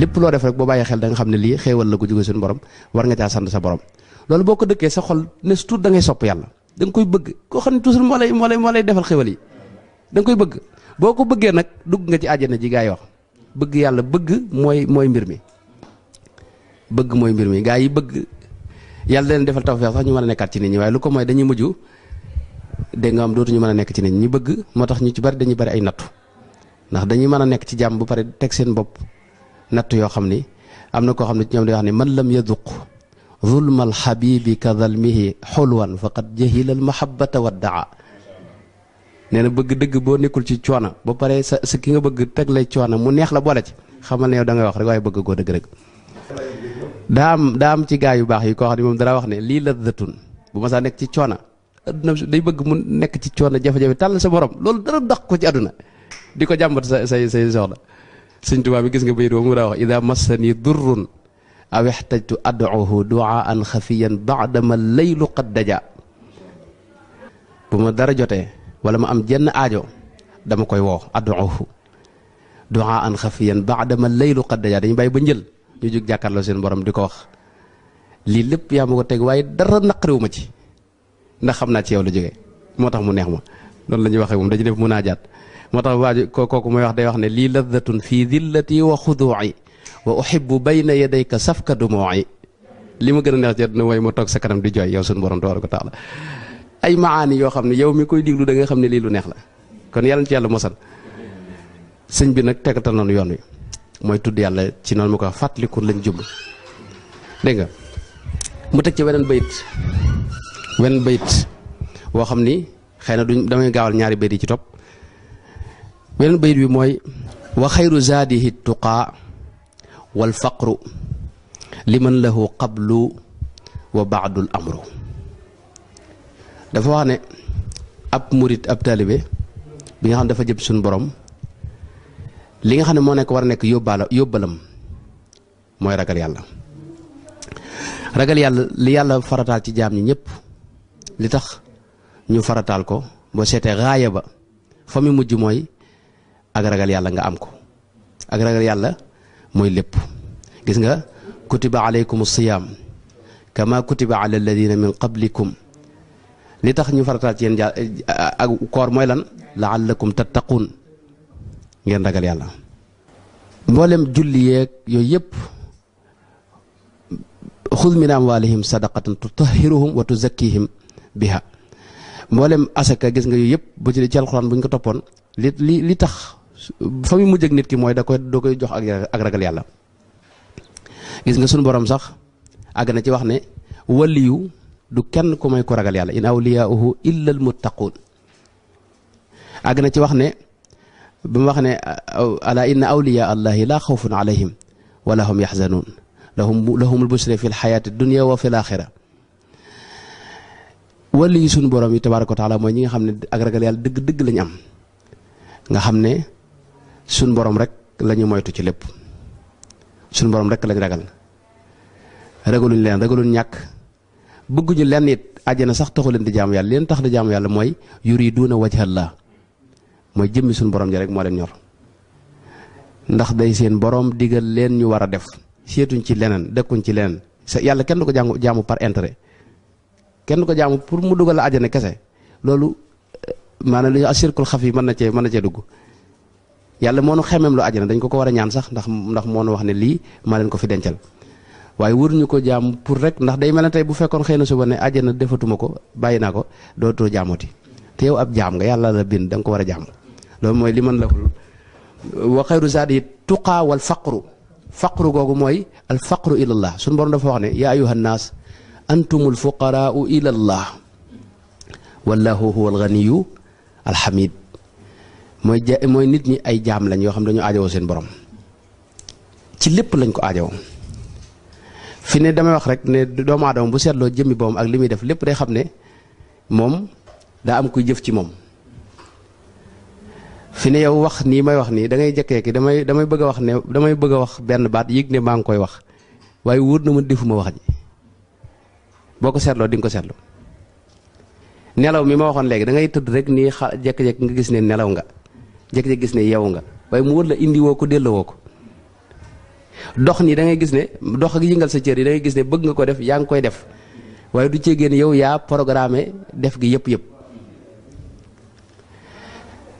lépp loo def rek boo bàyyi xel danga xam ne lii xéewal la ko jóge suñu borom war nga caa sant sa borom loolu boo ko dëkkee sa xol ne su tuut dangay ngay sopp yàlla da koy bëgg koo xam ne toujours moo lay moo lay moo lay da nga koy bëgg boo ko bëggee nag dugg nga ci àjjana ji gaa wax bëgg yàlla bëgg mooy mooy mbir mi bëgg mooy mbir mi gaa yi bëgg yàlla da leen defal tawfeex sax ñu mën a nekkaat ci nit ñi waaye lu ko mooy dañuy mujj dégg nga am dootuñu mën a nekk ci nit ñi bëgg moo tax ñu ci bari dañuy bari ay nattu ndax dañuy mën a nekk ci jàmm bu pare teg seen bopp natt yoo xam ni am na koo xam ne ci ñoom day wax ni man lam yaduq zulmal xabibi ka zalmihi xulwan faqad jahila al mahabbata wa daa nee na bëgg dëgg boo nekkul ci coona ba pare sa sa ki nga bëgg teg lay coono mu neex la boole ci xamal ne yow da ngay wax rek waaye bëgg koo dëgg rek daa am daa am ci gaa yu baax yi koo xam ne moom dara wax ne lii la lazzatun bu ma saa nekk ci coono adduna day bëgg mu nekk ci coono jafe-jafe tàll sa borom loolu dara ko ci adduna di ko jàmbat sa say say soxla sëñ Tuubaa bi gis nga bayit boobu mu daa wax ida massani durrun aw ixtajtu ad'uhu duaan xafiyan baadama laylu qad daja bu ma dara jotee wala ma am jenn aajo dama koy woo ad'uhu duaan xafiyan baadama lay qad daja dañu bàyyi ba njël ñu jóg jàkkaarloo seen borom di ko wax lii lépp yaa ma ko teg waay dara naqariwu ma ci ndax xam naa ci yow la jóge moo tax mu neex ma loolu la ñuy waxee moom dañu def munaajaat moo tax waaju kooku mooy wax day wax ne lii ladatun fii dillati wa xuduuci wa uhibbu bayna yadayka safka dumuuci li ma gën a neex ci àdduna mooy mu toog sa kanam di jooy yow suñu borom tabaaraka wa taala ay maani yoo xam ne yow mi koy diglu da xam ne lii lu neex la kon yàlla na ci yàlla mosal sëñ bi nag tegtal nañu yoon wi mooy tudd yàlla ci noonu mu ko fàttaliku lañ jublu dégg mu teg ci weneen bayit weneen bayit woo xam ni xëy na duñ damay gaawal ñaari bayit yi ci topp beneen bayit bi mooy wa xayru zaadihi tuqaa wal faqru liman lahu qablu wa baadul amru dafa wax ne ab murit ab taalibe bi nga xam dafa jëm suñu boroom li nga xam ne moo nekk war a nekk yóbbaala mooy ragal yàlla ragal yàlla li yàlla farataal ci jaam ñi ñëpp li tax ñu farataal ko boo seetee raaya ba fa mu mujj mooy ak ragal yàlla nga am ko ak ragal yàlla mooy lépp gis nga kutiba alaykum siyaam kama kutiba ala alladina min qablikum li tax ñu farataal ci yéen ja ak koor mooy lan laallakum tattaqun ngeen ragal yàlla mboolem julli yeeg yooyu yëpp xud min amwalihim sadaqatan tutahiruhum wa tuzakkihim biha mboolem asaka gis nga yooyu yëpp ba ci ci alxuraan bu ñu ko toppoon li li li tax fa mu mujj nit ki mooy da koy doo koy jox ak ak ragal yàlla gis nga sunu borom sax àgg na ci wax ne waliyu du kenn ku may ko ragal yàlla in awliyaahu illa almuttaquun àgg na ci wax ne ba mu wax ne ala inna awliyaa allahi laa xawfun alayhim wala hum yaxzanuun lahum lahumul busra fi lxayaati dunia wa fi laaxira waliyu sunu borom yi tabaaraka wa taala mooy ñi nga xam ne ak ragal yàlla dëgg dëgg lañ am nga xam ne suñ borom rek lañuy moytu ci lépp suñ borom rek lañ ragal ragaluñ leen ragaluñ ñàkk bëgguñu lenn it àjjana sax taxu leen di jaamu yàlla leen tax di jaamu yàlla mooy yuriduuna laa mooy jëmmi suñ borom ji rek moo leen ñor ndax day seen borom digal leen ñu war a def seetuñ ci leneen dekkuñ ci leneen sa yàlla kenn du ko jaamu jaamu par intérêt kenn du ko jaamu pour mu dugal la àjjana kese loolu eh, maanaam li ñu asirkul xaf yi mën na cee mën na cee dugg yàlla moo nu xemem lu àjjana dañ ko ko war a ñaan sax ndax ndax moo nu wax ne lii maa leen ko fi dencal waaye waruñu ko jaam pour rek ndax day mel ne tey bu fekkoon xëy na suba ne àjjana defatuma ko bàyyi naa ko dootoo ti te yow ab jaam nga yàlla la bind dañ ko war a jaam loolu mooy li man la wa xayru zaadi yi tuqaa wal faqru faqru googu mooy al faqru ilallah suñu borom dafa wax ne yaa ayuha nnaas antumul fuqaraau ilallah wallahu huwa alganiyu alhamid mooy ja mooy nit ñi ay jaam lañ yoo xam dañu aajowoo seen borom ci lépp lañ ko aajowoo fi ne damay wax rek ne doomu aadama bu seetloo jëmmi boom ak li muy def lépp day xam ne moom daa am kuy jëf ci moom. fi ne yow wax nii may wax nii da ngay jëkkee ki damay damay bëgg a wax ne damay bëgg a wax benn baat yëg ne maa ngi koy wax waaye wóor na ma defuma wax ji boo ko seetloo di nga ko seetlu nelaw mi ma waxoon léegi da ngay tëdd rek nii xa jekki jékki nga gis ne nelaw nga. jékki-jékki gis ne yeewu nga waaye mu wër la indiwoo ko delloo woo ko dox nii da gis ne dox ak yëngal sa cër yi da gis ne bëgg nga ko def yaa ngi koy def waaye du cee génn yow yaa programmé def gi yëpp yëpp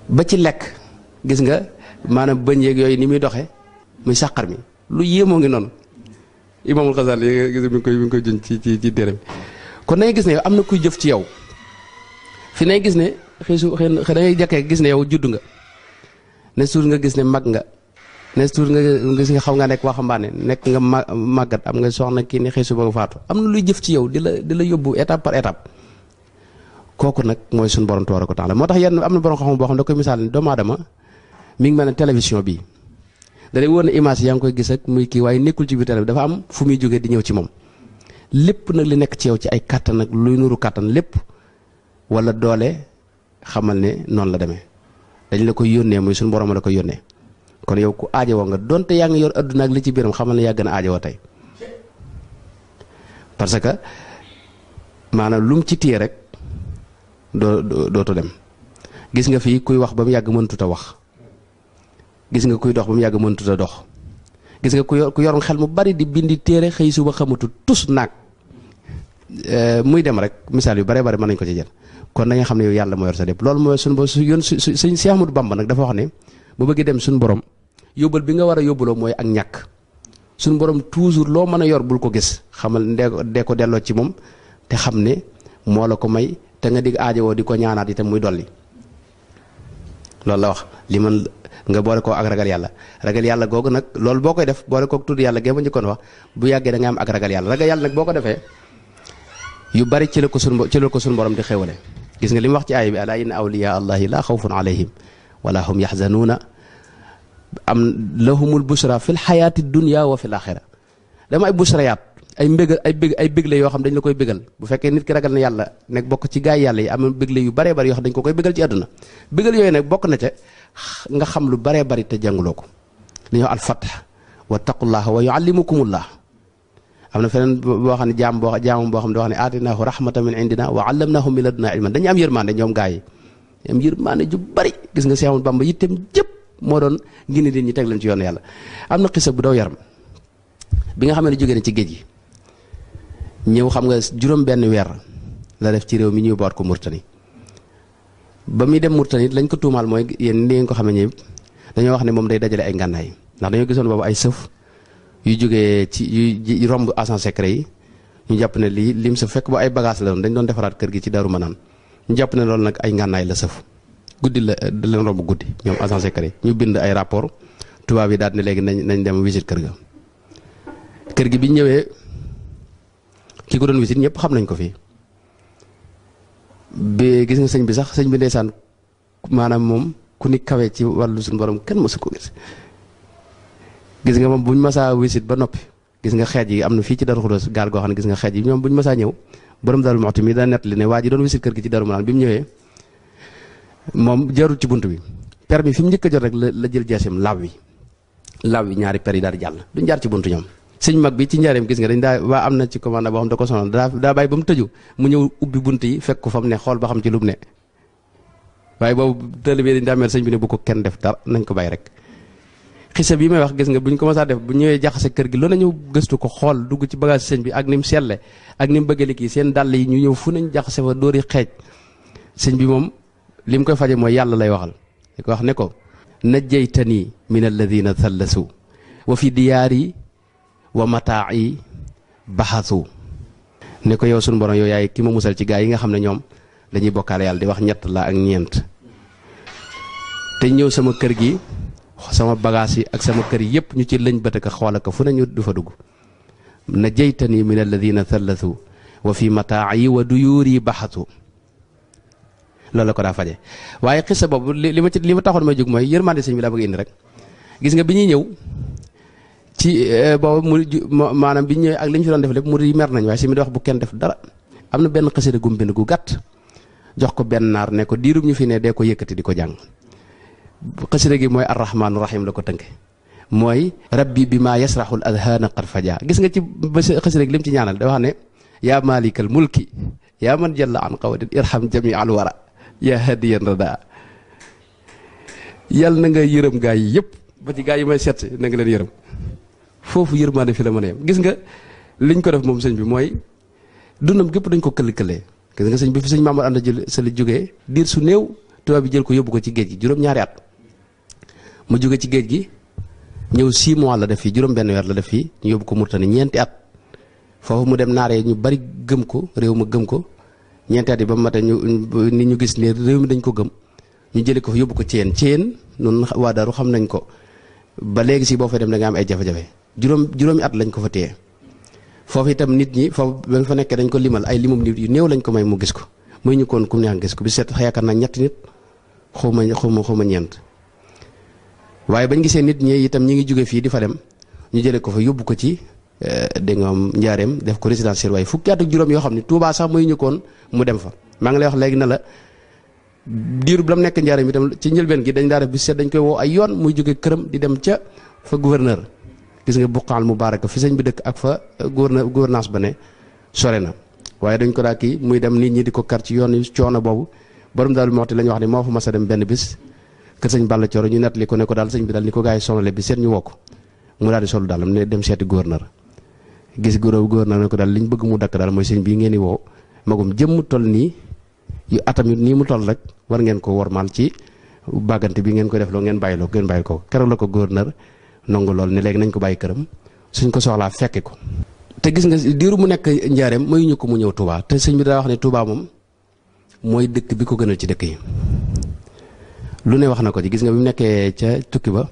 ba ci lekk gis nga maanaam bëñ yeeg yooyu ni muy doxee muy sàqar mi lu yéemoo ngi noonu imaamul Xasaali yi gis mi ngi koy mi ngi koy jën ci ci ci téere kon da gis ne yow am na kuy jëf ci yow fi nay gis ne xëy su xëy da gis ne yow judd nga ne nga gis ne mag nga ne nga gis xaw nga nekk waxambaane nekk nga ma màggat am nga soxna kii ne xëy suba nga faatu am na luy jëf ci yow di la di la yóbbu étape par étape kooku nag mooy suñu borom tabaaraka wa taala moo tax yenn am na borom xam-xam boo xam da koy ne doomu mi ngi mel ne télévision bii da lay wóor image yaa ngi koy gis ak muy kii waaye nekkul ci biir télé am fu jógee di ñëw ci moom lépp nag li nekk ci yow ci ay kàttan luy nuru kàttan lépp wala doole xamal ne noonu la demee dañ la koy yónnee muy suñu borom la koy yónnee kon yow ku aajowoo nga donte yaa ngi yor adduna ak li ci biiram xamal ne yaa gën a aajowoo tey parce que maanaam lum ci téye rek doo dootu dem gis nga fii kuy wax ba mu yàgg mëntuta wax gis nga kuy dox ba mu yàgg mëntuta dox gis nga ku yor ku yor xel mu bari di bind téere xëy suba xamatu tus naag Euh, muy dem rek misaal yu bare bare man nañ ko ci jël kon nañu xam ne yow yàlla moo yor sa lépp loolu mooy suñu bo yoon su suñ Cheikh Ahmadou Bamba nag dafa wax ne bu bëggee dem suñu borom yóbbal bi nga war a yóbbaloo mooy ak ñàkk suñu borom toujours loo mën a yor bul ko gis xamal dee ko delloo ci moom te xam ne moo la ko may te nga dig aajowoo di ko ñaanaat itam muy dolli loolu la wax li man nga boole koo ak ragal yàlla ragal yàlla googu nag loolu boo koy def boole kook tudd yàlla gé ma njëkkoon bu yàggee da am ak ragal yàlla ragal yàlla nag boo ko defee yu bari ci la ko sun ci la ko sun borom di xewale gis nga li mu wax ci aaya bi alaa inna awliyaa allahi laa xawfun alayhim wala hum yaxzanuuna am lahumul busra fil xayaati dunya wa fil axira dama ay busra yaat ay mbégal ay bég ay bégle yoo xam dañ la koy bégal bu fekkee nit ki ragal na yàlla nekk bokk ci gaa yàlla yi am bégle yu bare bari yoo xam dañ ko koy bégal ci àdduna bégal yooyu nag bokk na ca nga xam lu baree bari te jànguloo ko li ñuy wax alfatax wattaqullaha wa yuallimukumullah am na feneen boo xam ne jaam boo jaamam boo xam ne wax ne aatinaahu rahmatan min indina wa allamnaahu min ladunaa ilman dañu am yërmande ñoom gaa yi am yërmande ju bari gis nga Seex Ahmadu Bamba yittem jëpp moo doon gindi nit teg leen ci yoonu yàlla am na xisa bu daw yaram bi nga xam ne jógee na ci géej gi ñëw xam nga juróom benn weer la def ci réew mi ñuy boot ko Murtani ba muy dem Murtani lañ ko tuumaal mooy yéen ni ngeen ko xamee ñëpp dañoo wax ne moom day dajale ay ngànnaay ndax dañoo gisoon boobu ay sëf yu jógee ci yu romb agent secret yi ñu jàpp ne lii liim sa fekk ba ay bagage la doon dañ doon defaraat kër gi ci Daaru Manaan ñu jàpp ne lool nag ay ngànnaay la sëf guddi la da leen romb guddi ñoom agent secret ñu bind ay rapport tubaab yi daal ne léegi nañ nañ dem visite kër ga kër gi bi ñëwee ki ko doon visite ñëpp xam nañ ko fii bi gis nga sëñ bi sax sëñ bi ndeysaan maanaam moom ku ni kawee ci wàllu suñu borom kenn mësu ko gis gis nga moom buñ masaa wisit ba noppi gis nga xeej yi am na fii ci Darou Khoudoss goo xam ne gis nga xeej yi ñoom buñ masaa ñëw borom Darou Mouhty mi da nettali ne waa ji doon wisit kër gi ci Darou moom jarul ci bunt bi permis fi njëkk a rek la jël jeesam law wi law wi ñaari per yi jàll duñ jaar ci bunt ñoom sëñ mag bi ci njaareem gis nga dañ daa am na ci commande boo xam da ko sonal daa daa bàyyi ba mu tëju mu ñëw ubbi bunt yi fekk ko fa mu ne xool ba xam ci lu mu ne waaye boobu tëll bi dañ daa mel sëñ bi ne bu ko kenn def dara nañ ko bàyyi rek xisa bi may wax gis nga bu ñu ko mësaa def bu ñëwee jaxase kër gi loolu nañu gëstu ko xool dugg ci bagage sëñ bi ak ni mu selle ak ni mu bëggee kii seen dàll yi ñu ñëw fu nañ jaxase fa dóori xeej sëñ bi moom li mu koy faje mooy yàlla lay waxal di ko wax ne ko najjaytani min alladina thallasu wa fi diyaari wa mataa'i baxasu ne ko yow sunu borom yow yaay ki ma musal ci gaa yi nga xam ne ñoom dañuy bokkaale yàlla di wax ñett la ak ñeent te ñëw sama kër gi sama bagage yi ak sama kër yëpp ñu ci lëñ bët ka xool ak fu ne ñu du fa dugg najaytani min alladina thallathu wa fi yi wa duyuuri baxatu loolu loole ko daa faje waaye xisa boobu li ma li ma taxoon may jóg mooy yërmande sëñ bi laa bëgg indi rek gis nga bi ñuy ñëw ci eh, boobu mu maanaam bi ñëw ak li ñu fi doon def lépp mu di mer nañ waaye si bi di wax bu kenn def dara am na benn xasida gumbind gu gàtt jox ko benn naar ne ko diirub ñu fi ne dee ko yëkkati di ko jàng xasida gi mooy arrahmaanu rahim la ko tënke mooy rabbi bi maa yasraxul adhaana qad faja gis nga ci xasida gi lim ci ñaanal da wax ne yaa malikal mulki yaa man jalla an qawadin irham jami al wara yaa hadiyan rada yàlla na nga yërëm gaa yi yëpp ba ci gaa yi may seet na nga leen yërëm foofu yërmaane fi la mën a yem gis nga liñ ko def moom sëñ bi mooy dundam gépp dañ ko këll-këlee gis nga sëñ bi fi sëñ Mamadou Anta jël sa li diir su néew tubaab bi jël ko ko ci géej gi juróom at mu jóge ci géej gi ñëw 6 mois la def fii juróom-benn weer la def fii ñu yóbbu ko Murtani ñeenti at foofu mu dem naaree ñu bari gëm ko réew ma gëm ko ñeenti at yi ba mu mate ñu ni ñu gis ne réew mi dañ ko gëm ñu jëlee ko yóbbu ko Thiène Thiène noonu waa Daaru xam nañ ko ba léegi si boo fa dem da am ay jafe-jafe juróom juróomi at lañ ko fa téye foofu itam nit ñi foofu ba fa nekkee dañ ko limal ay limum nit yu néew lañ ko may mu gis ko muy ñu koon ku gis ko bi seet yaakaar naa ñetti nit xaw ma xaw ma ma ñeent waaye bañ gisee nit ñi itam ñi ngi jóge fii di fa dem ñu jëlee ko fa yóbbu ko ci eh, dégg nga njaareem def ko résidence sur waaye fukki at juróom yoo xam ne Touba sax muy ñëkkoon mu dem fa maa ngi lay wax léegi na la diiru bu la mu nekk njaareem tam ci njëlbeen gi dañ daa def bu seet dañ koy woo ay yoon muy jóge këram di dem ca fa gouverneur gis nga buqaal mu baaraka fi sëñ bi dëkk ak fa eh, gouverneur gouvernance ba ne sore na waaye dañ ko daa kii muy dem nit ñi di ko kar ci yoon coono boobu borom daal moo la ñu wax ne moo fa mas dem benn bis kër sëñ Balla Coro ñu nettali ko ne ko daal sëñ bi daal ni ko gaa yi sonale bi seet ñu wokk mu daal di sol daalam ne dem seeti gouverneur gis góoróob ko daal li ñu bëgg mu dakk daal mooy sëñ bii ngeen di woo magum jëmm toll nii yu atamit nii mu toll rek war ngeen ko wormaal ci bàggante bi ngeen ko def loo ngeen bàyyiloo ngeen bàyyi ko keroog la ko gouverneur nangu lool ne léegi nañ ko bàyyi këram suñ ko soxlaa fekki ko te gis nga diiru mu nekk njaareem mayuñu ko mu ñëw Touba te sëñ bi daal wax ne Touba moom mooy dëkk bi ko gënal ci dëkk yi lu ne wax na ko ci gis nga bi mu nekkee ca tukki ba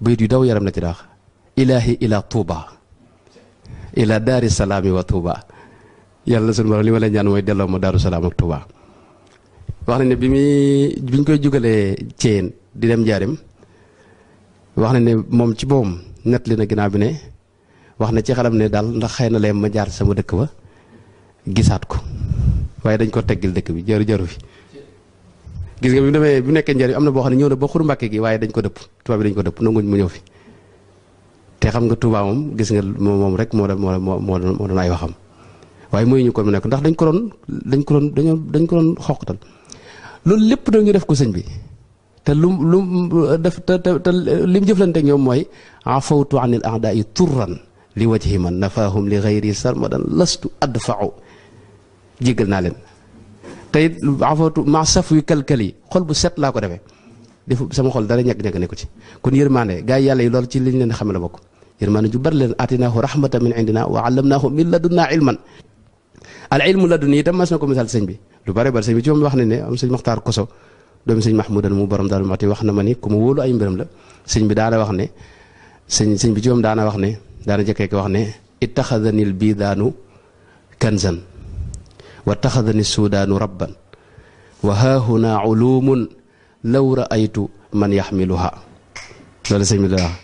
bayit yu daw yaram la ci daax ilaahi ila tuuba ila daari salaami wa tuuba yàlla sunu borom li mooy delloo ma daaru salaam ak tuuba wax na ne bi mu bi koy jugalee ceen di dem jaarim wax na ne moom ci boom net li na ginnaaw bi ne wax na ci xalam ne daal ndax xëy na lay ma jaar sama dëkk ba gisaat ko waaye dañ ko teggil dëkk bi jaru jaru fi gis nga bi mu demee bi mu nekkee njëriñ am na boo xam ne ñëw na ba xur mbàkke gi waaye dañ ko dëpp tubaab bi dañ ko dëpp nanguñ mu ñëw fi te xam nga Touba moom gis nga moom rek moo doon moo moo doon ay waxam waaye mooy ñu ko mu nekk ndax dañ ko doon dañ ko doon dañoo dañ ko doon loolu lépp nag ñu def ko sëñ bi te lu lu def te te li mu jëflante ak ñoom mooy afawtu anil a'da'i turran li wajhi man nafaahum li ma sarmadan lastu adfa'u jéggal naa leen te it afatu ma saf yu kalkal yi xol bu set laa ko defee def sama xol dara ñàkk-ñàkk ne ko ci kon yërmande gaa yi yàlla yi loolu ci liñ leen xam la bokk yërmande ju bari leen atinaahu rahmatan min indina wa allamnaahu min ladunnaa ilman al ilmu ladunni itam mas na ko misaal sëñ bi lu bare bari sëñ bi ci moom wax ne ne am sëñ Maxtaar Koso doomi mu borom daal mati wax na ma ni ku ma wóolu ay mbiram la sëñ bi daana wax ne sëñ sëñ bi ci moom daana wax ne daana jëkkee ko wax ne ittaxadanil biidaanu kanzan wa taxadani suudaanu rabban wa haahuna ulumun law raaytu man yaxmiluha loolu sëñ bi dana wax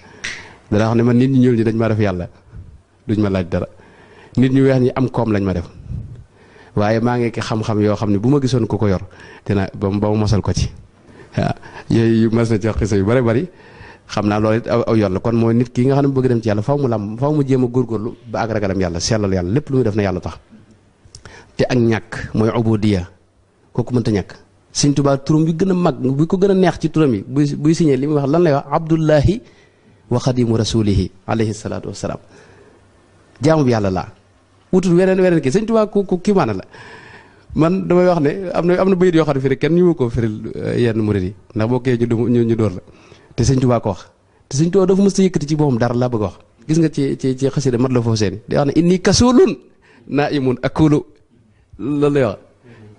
dana xam ne man nit ñi ñuul ñu dañ ma def yàlla duñ ma laaj dara nit ñu weex ñi am koom lañ ma def waaye maa ngi ki xam-xam yoo xam ne bu ma gisoon ku ko yor dina ba ba mu mosal ko ci waaw yooyu mas na ci xisa yu bëri bëri xam naa loolu it aw yoon kon mooy nit ki nga xam ne mu bëgg dem ci yàlla faw mu lam faw mu jéem a góorgóorlu ba ak ragalam yàlla sellal yàlla lépp lu muy def na yàlla tax te ak ñàkk mooy ubudiya kooku mënta ñàkk sëñ Tuubaa turam yu gën a mag bu ko gën a neex ci turam yi buy buy signé li muy wax lan la wax abdullahi wa xadimu rasulihi alayhi salaatu wasalaam jaamu bi yàlla laa wutul weneen weneen ki sëñ Tuubaa ku ku la man damay wax ne am na am na bayit yoo xam ne fii kenn ñu ma koo firil eh, yenn murid yi ndax boo kee ñu ñu dóor la te sëñ Tuubaa ko wax te sëñ Tuubaa dafa mës a yëkkati ci boppam dara laa bëgg a wax gis nga ci ci ci xasida mat la foo seeni loolu lay wax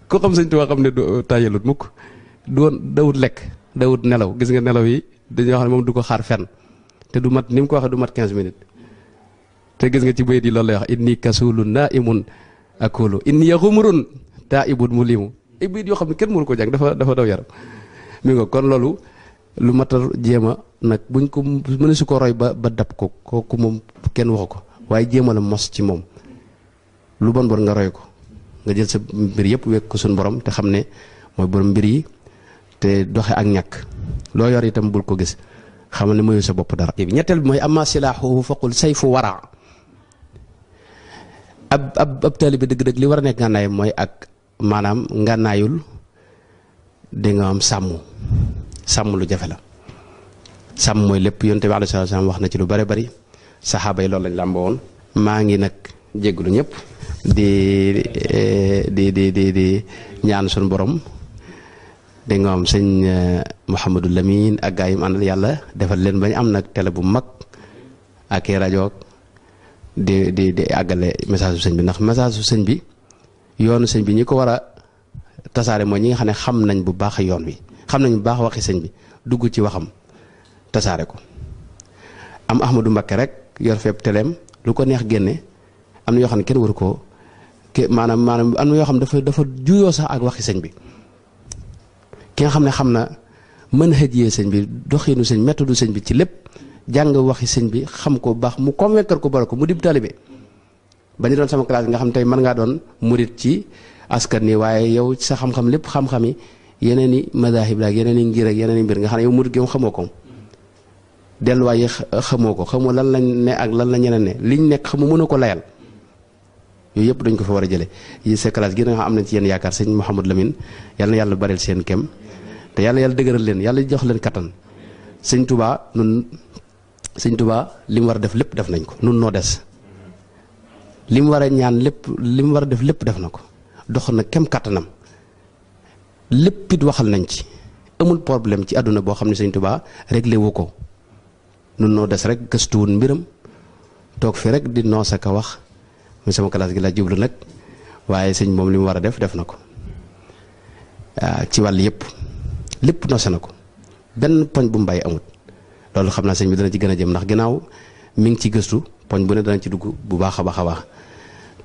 ku xam sëñ Tuubaa xam ne du tàyyalut mukk doon dawut lekk dawut nelaw gis nga nelaw yi dañuy wax ne moom du ko xaar fen te du mat ni ko waxee du mat 15 minutes te gis nga ci bayit yi loolu lay wax inni kasulun naimun akulu inni xumurun taibun mulimu ay bayit yoo xam ne kenn mënu ko jàng dafa dafa daw yaram mi nga kon loolu lu mat a jéem a nag buñ ko mën su ko roy ba ba dab ko kooku moom kenn waxu ko waaye jéem a la mos ci moom lu bon bon nga roy ko nga jël sa mbir yëpp wekk ko suñu borom te xam ne mooy borom mbir yi te doxe ak ñàkk loo yor itam bul ko gis xamal ne mayu sa bopp dara. ñetteel bi mooy amma silaaxuhu faqul sayfu wara ab ab ab taalibe dëgg-dëgg li war a nekk mooy ak maanaam ngànnaayul di nga am sàmm sàmm lu jafe la sàmm mooy lépp yonte bi wax na ci lu bari bari saxaaba yi loolu lañ làmba woon maa ngi nag. jégglu ñëpp di di di di di ñaan suñu boroom di nga am sëñ eh, Mouhamadou Lamine ak gaa yi mu yàlla defal leen bañ am nag télé bu mag ak i rajo di di di àggale message su sëñ bi ndax message su sëñ bi yoonu sëñ bi ñi ko war a tasaare mooy ñi nga xam ne xam nañ bu baax yoon wi xam nañ bu baax waxi sëñ bi dugg ci waxam tasaare ko am Ahmadou Mbacké rek yor feeb teleem lu ko neex génne. am yoo xam ne kenn waru koo ke maanaam maanaam yoo xam ne dafa dafa juyoo sax ak waxi sëñ bi ki nga xam ne xam na mën hëjee sëñ bi doxinu sëñ méthode sëñ bi ci lépp jàng waxi sëñ bi xam ko baax mu convaincre ko boole ko mu dib taalibe ba ñu doon sama classe nga xam tey man ngaa doon murit ci askan ni waaye yow sa xam-xam lépp xam-xami yeneen i madahib laak yeneen yi ngir ak yeneen yi mbir nga xam ne yow murit gi moom xamoo ko delluwaay yi xamoo ko xamoo lan la ne ak lan la ñeneen ne liñ nekk xamu mënu ko layal yooyu yëpp dañ ko fa war a jële yi sa classe gi nga xam am nañ ci yéen yaakaar sëñ Mouhamadou Lamine yal na yàlla bareel seen kem te yàlla yàlla dëgëral leen yàlla jox leen kattan sëñ Touba nun sëñ Touba li war a def lépp def nañ ko nun noo des li mu war a ñaan lépp li mu war a def lépp def na ko dox na kem kattanam lépp waxal nañ ci amul problème ci àdduna boo xam ne sëñ Touba réglé wu ko nun noo des rek gëstuwun mbiram toog fi rek di noos ak a wax mu sama classe gi la jublu nag waaye sëñ moom li mu war a def def na ko ah, ci wàll yëpp lépp noose na ko benn poñ bu mu bàyyi amut loolu xam naa sëñ bi dana ci gën a jëm ndax ginnaaw mi ngi ci gëstu poñ bu ne dana ci dugg bu baax a baax a baax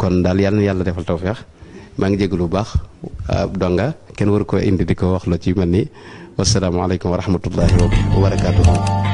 kon daal yàlla na yàlla defal feex maa ngi jégalu bu baax ah, donga kenn waru ko indi di ko wax loo ci mel ni wasalaamaaleykum wa rahmatullahi wa barakaatuhu